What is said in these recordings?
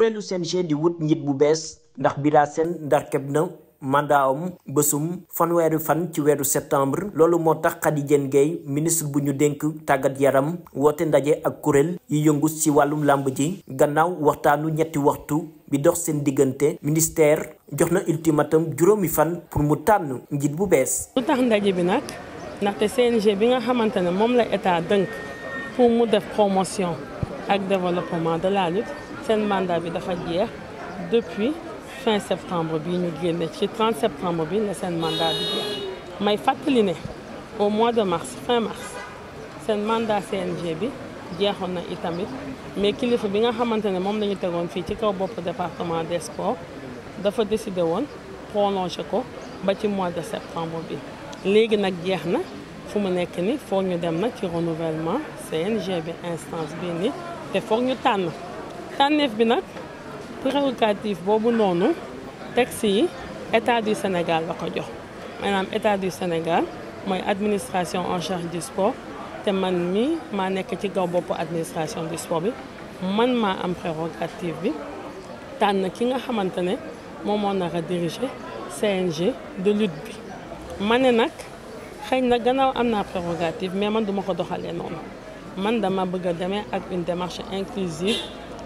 kuréelu CNG di wut njiit bu bes ndax Bira Sène ndarkeb na mandaawam bésum fanweeri fan ci weeru septembre loolu moo tax Khady Diène Gaye ministre bu ñu dénk tàggat yaram wote ndaje ak kurel yi yëngu ci walum lamb ji gannaaw waxtaanu ñetti waxtu bi dox sen diggante ministère joxna ultimatum juróomi fan pour mu tan njiit bu bes lu tax ndaje bi ndax te CNG bi nga xamantene mom la état dënk pour mu def promotion ak développement de la lutte. sen mandat bi dafa jeex depuis fin septembre bi ñu génne ci 30 septembre bi ne seen mandat bi jeex may fàttali au mois de mars fin mars sen mandat CNG bi jeexoon na itamit mais kilifa bi nga xamantene mom lañu la fi ci kaw bop département des sports dafa décidé won prolongé ko ba ci mois de septembre bi légui nak jeex na fu mu nekk ni foog ñu dem nag ci renouvellement CNG bi instance bi ni te foog ñu tànn tànneef bi nag prérogative boobu noonu texte yi état du Sénégal la ko jox maanaam état du Sénégal mooy administration en charge du sport te man mi maa nekk ci gaw boppu administration du sport bi man maa am prérogative bi tànn ki nga xamante ne moom nar a diriger CNG de lutte bi ma ne nag xëy na gannaaw am naa prérogative mais man duma ko doxalee noonu man dama bëgg a demee ak une démarche inclusive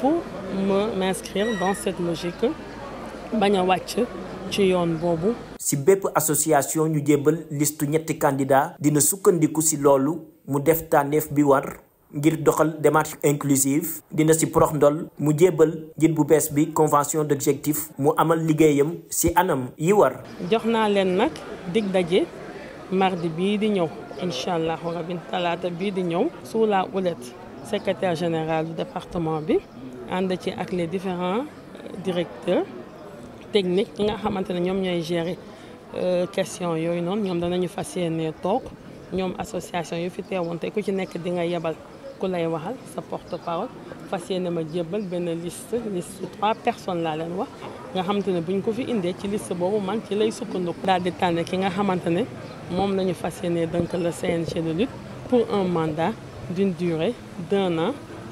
pour m'inscrire dans cette logique si association ñu ñetti candidat dina sukkandiku mu def bi war ngir doxal démarche inclusive dina ndol mu convention d'objectifs mu amal ligéyam ci anam yi war. vous len nak dig mardi di secrétaire général du département bi ande ci ak les différents euh, directeurs techniques ñi nga xamantene ñom ñoy ñooy gérer euh, question yooyu noonu ñoom danañu fas yéene toog association yu fi teewoon tey ku ci nekk di nga yebal ku lay waxal sa porte parole fas ma jébbal ben liste liste trois personnes laa leen wax nga xamantene buñ ko fi indé ci liste bobu man ci lay sukkandiku. daal di tànn ki nga xamantene mom lañu la donc le CNC de lutte pour un mandat d'une durée d'un an.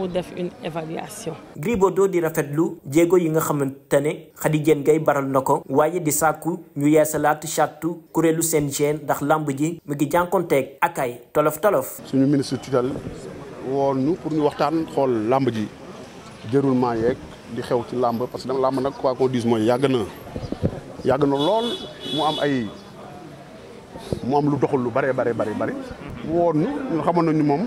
pour def une évaluation. Gris Bordeaux di rafetlu jéego yi nga xamante ne Khady Diène Gaye baral na ko waaye di sàkku ñu yeesalaat chatu kuréelu CNG ndax làmb ji mu ngi jànkonteeg ak ay tolof tolof. suñu ministre tutelle woon ñu pour ñu waxtaan xool làmb ji déroulement yeeg di xew ci làmb parce que dama làmb nag quoi qu'on dise mooy yàgg na yàgg na lool mu am ay. mu am lu doxul lu bare bare bare bare ñu xamoon nañu moom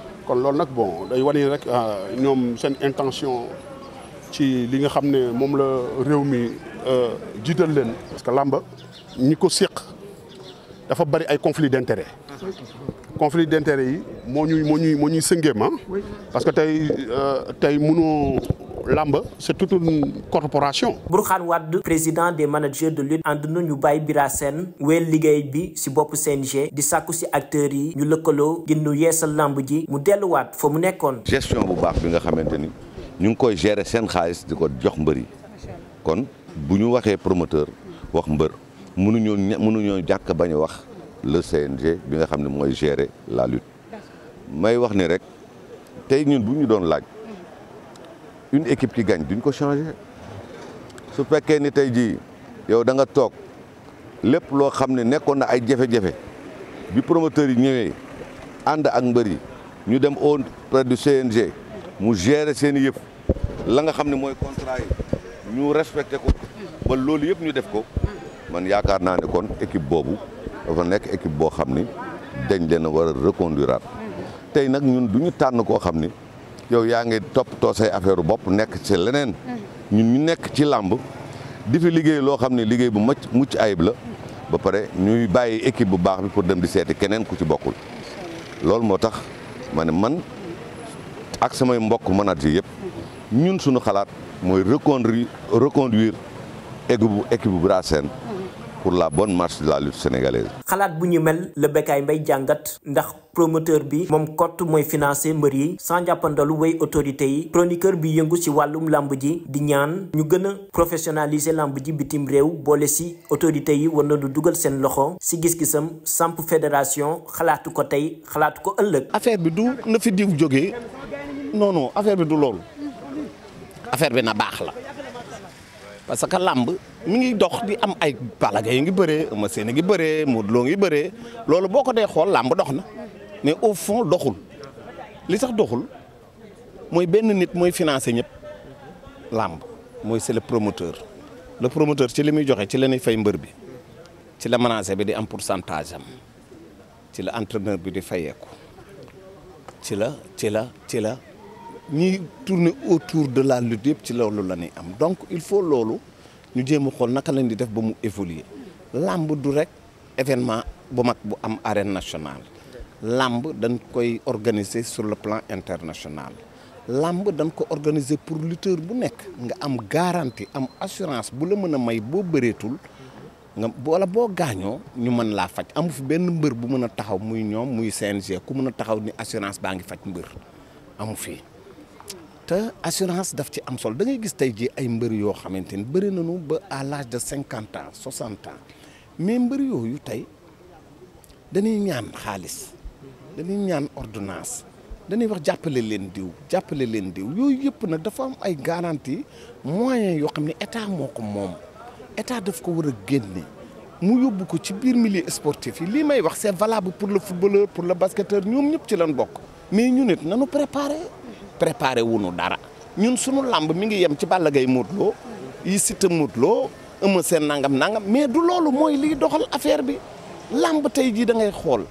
kon loolu bon day wane rek ah, ñoom seen intention ci li nga xamné mom la réew mi euh, jiital leen. parce que lamba ñi ko séq dafa bari ay conflit d'intérêt conflit d'intérêt yi moo ñuy moo ñuy moo ñuy sëngéem ah. parce que tey euh, tay mënoo làmb c'est toute une corporation. Burkhan Wad, président des managers de lutte Andou na ñu bàyyi Bira Sène wéyal bi si bopp CNG di sàkku si acteurs yi ñu lëkkaloo ngir ñu yeesal làmb ji mu delluwaat fa mu nekkoon. gestion bu baax bi nga xamante ni ñu ngi koy gérer seen xaalis di jox mbër kon bu ñu promoteur wax mbër mënuñoo mënuñoo wax le CNG bi nga xam ne gérer la lutte may wax ni rek tey ñun bu ñu laaj. une équipe qui gagne duñ ko changer su fekkee ni tey jii yow da nga toog lépp loo xam ne nekkoon na ay jafe-jafe bi promoteur yi ñëwee ànd ak mbëri ñu dem auprès du CNG mu gérer seeni yëpp la nga xam ne mooy contrat yi ñu respecté ko ba loolu yëpp ñu def ko man yaakaar naa ne kon équipe boobu dafa nekk équipe boo xam ni dañ leen a war a reconduiraat tey nag ñun duñu ñu tànn koo xam ni yow yaa ngi toppatoo say affaire bopp nekk ci leneen. ñun ñu nekk ci làmb di fi liggéey loo xam ne liggéey bu mucc mucc ayib la ba pare ñuy bàyyi équipe bu baax bi pour dem di seeti keneen ku ci bokkul. loolu moo tax ma man ak samay mbokk manager yëpp ñun suñu xalaat mooy reconduire reconduire équipe bu équipe bu Brassens pour la bonne marche de la lutte sénégalaise. Khalat bu le mel la Bécaye Mbaye ndax promoteur bi moom kott mooy financé Marie. yi sans jàppandalu autorité yi chroniqueur bi yëngu ci walum làmb ji di ñaan ñu professionnaliser lambudi ji bitim autorité yi du dugal Sen loxo ci gis-gisam fédération khalat ko tey xalaatu ko ëllëg. affaire bi du na fi diw non non affaire bi du affaire bi na baax parce que làmb mi ngi dox di am ay balaga yi ngi bëree Eumeu Sène ngi bëree modlo ngi bëree loolu boko day xol lamb doxna mais au fond doxul li sax doxul moy benn nit moy financer ñep lamb moy c'est le promoteur le promoteur ci limuy joxe ci lenay fay mbeur bi ci la menacer bi di am pourcentage am ci la entraîneur bi di fayeku ci la ci la ci la nous tourner autour de la lutte yëpp ci lolu la am donc il faut lolu ñu jëm xol xool naka lañ di def ba mu évoluer lamb du rek événement bu mag bu am arène nationale lamb dañ koy organiser sur le plan international lamb dañ ko organiser pour lutteur bu nek nga am garantie am assurance bu la mën may bo bëreetul nga wala bo gaño ñu mën la fajj amu fi benn mbeur bu mën taxaw muy ñom muy CNG ku mën taxaw ni assurance baa ngi faj mbër amu fi. te assurance daf ci am solo da gis tey jii ay mbër yoo xamante ni bëri nañu ba à l'âge de cinquante ans soixante ans mais mbëri yooyu tey dañuy ñaan xaalis dañuy ñaan ordonnance dañuy wax jàppale leen diw jàppale leen diw yooyu yëpp nag dafa am ay garantie moyens yoo xam ne état moo ko moom état daf ko war a génne mu yóbbu ko ci biir milieu sportif yi lii may wax c'est valable pour le footballeur pour le basketteur ñoom ñëpp ci lañ bokk mais ñu nit nañu préparer wunu dara ñun sunu làmb mi ngi yem ci Balla gay Modou Lô yi Siteu Modou Lô Eumeu Sène nangam nangam mais du loolu mooy liy doxal affaire bi làmb tey jii da ngay xool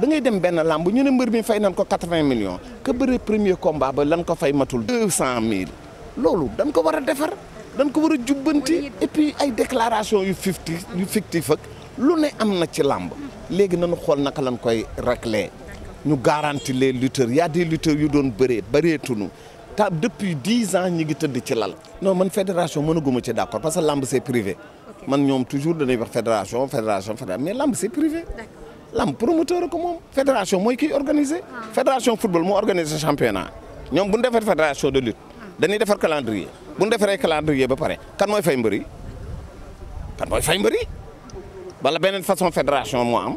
da ngay dem benn làmb ñu ne mbër mi fay nan ko quatre-vingts millions que premier combat ba lan ko fay matul deux cent mille loolu dañ ko war a defar dañ ko war a jubbanti et ay déclaration yu fictif yu fictif ak lu ne am na ci làmb léegi nañu xool naka lañ koy réglé ñu garanti les lutteurs Il y a des lutteurs yu doon bëree bëreetunu ta depuis dix ans ñi ngi tëdd ci lal non man fédération mënaguma ci d'accord parce que lamb c'est privé man ñoom toujours dañuy wax fédération fédération fédération mais lamb c'est privé lamb promoteur ko moom fédération mooy kiy organiser ah. fédération football organise organiser championnat Nous avons ñu defar fédération de lutte ah. dañuy defar calendrier bu ñu defaree calendrier ba pare kan mooy fay mbëri kan mooy fay mbëri wala beneen façon fédération moi. am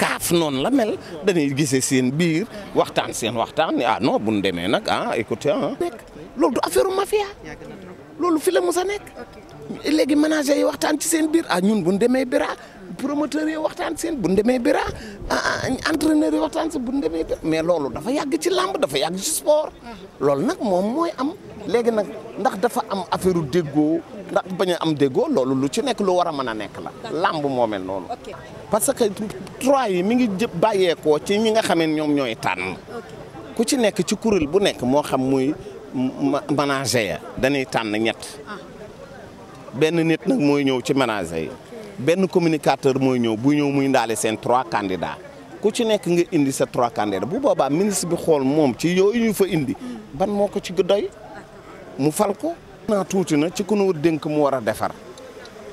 kaaf noon la mel dañuy gisee seen biir waxtaan seen waxtaan ah non bu ñu demee nag ah écoutez ah. loolu du affaire mafia loolu fi la mës a nekk léegi ménager yi waxtaan ci seen biir ah ñun bu ñu demee Bira promoteurs yi waxtaan seen bu ñu demee Bira ah, ah, entraîneurs yi waxtaan seen bu ñu demee mais loolu dafa yàgg ci làmb dafa yàgg ci sport. loolu nag moom mooy am. léegi nag ndax dafa am affaire déggoo. ndax bañ am déggoo loolu lu ci nekk loo war a mën a nekk la. làmb moo mel noonu. parce que trois yi mi ngi jë bàyyeekoo ci ñi nga xamee ñoom ñooy tànn. ku ci nekk ci kuréel bu nekk moo xam muy manager ya dañuy tànn ñett. Ah. benn nit nag mooy ñëw ci manager yi. benn communicateur mooy ñëw bu ñëw muy ndaale seen trois candidats ku ci nekk nga indi sa trois candidats bu boobaa ministre bi xool moom ci yooyu ñu fa indi ban moo ko ci doy mu fal ko. naa tuuti na ci ku nu dénk mu war a defar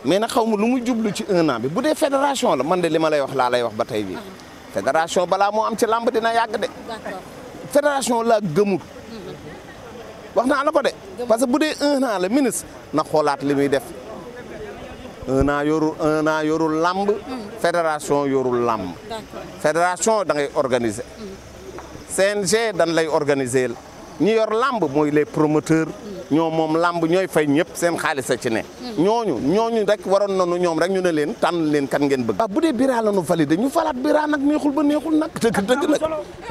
mais na xaw ma lu mu jublu ci un bi bu dee fédération la man de li ma lay wax laa lay wax ba tey bi fédération balaa moo am ci làmb dina yàgg de. fédération la gëmul. wax naa la ko de. parce que bu dee un an la ministre na xoolaat li muy def. un an yorul un an yorul làmb fédération yorul làmb fédération da ngay organiser mhm. CNG dañ lay organiser ñu yor làmb mooy les promoteurs ñoo moom làmb ñooy fay ñëpp seen xaalis a ci ne hmm. ñooñu ñooñu rek waroon na nu ñoom rek ñu ne leen tànn leen kat ngeen bëgg waaw bu dee biraa la ñu validé ñu falaat biraa nag neexul ba neexul nag dëgg dëgg nag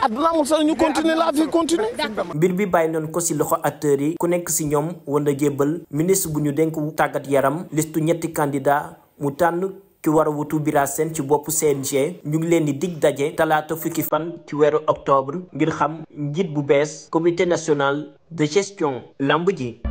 adduna amul solo ñu continuer la vie continue mbir bi bàyyi nañ ko si loxo acteurs yi ku nekk si ñoom war na jébbal ministre bu ñu dénk tàggat yaram listu ñetti candidat mu tànn ki war a wutu Bira Sène ci boppu CNG ñu ngi leen di dig daje talaata fukki fan ci weeru octobre ngir xam njiit bu bees commité national de gestion làmb ji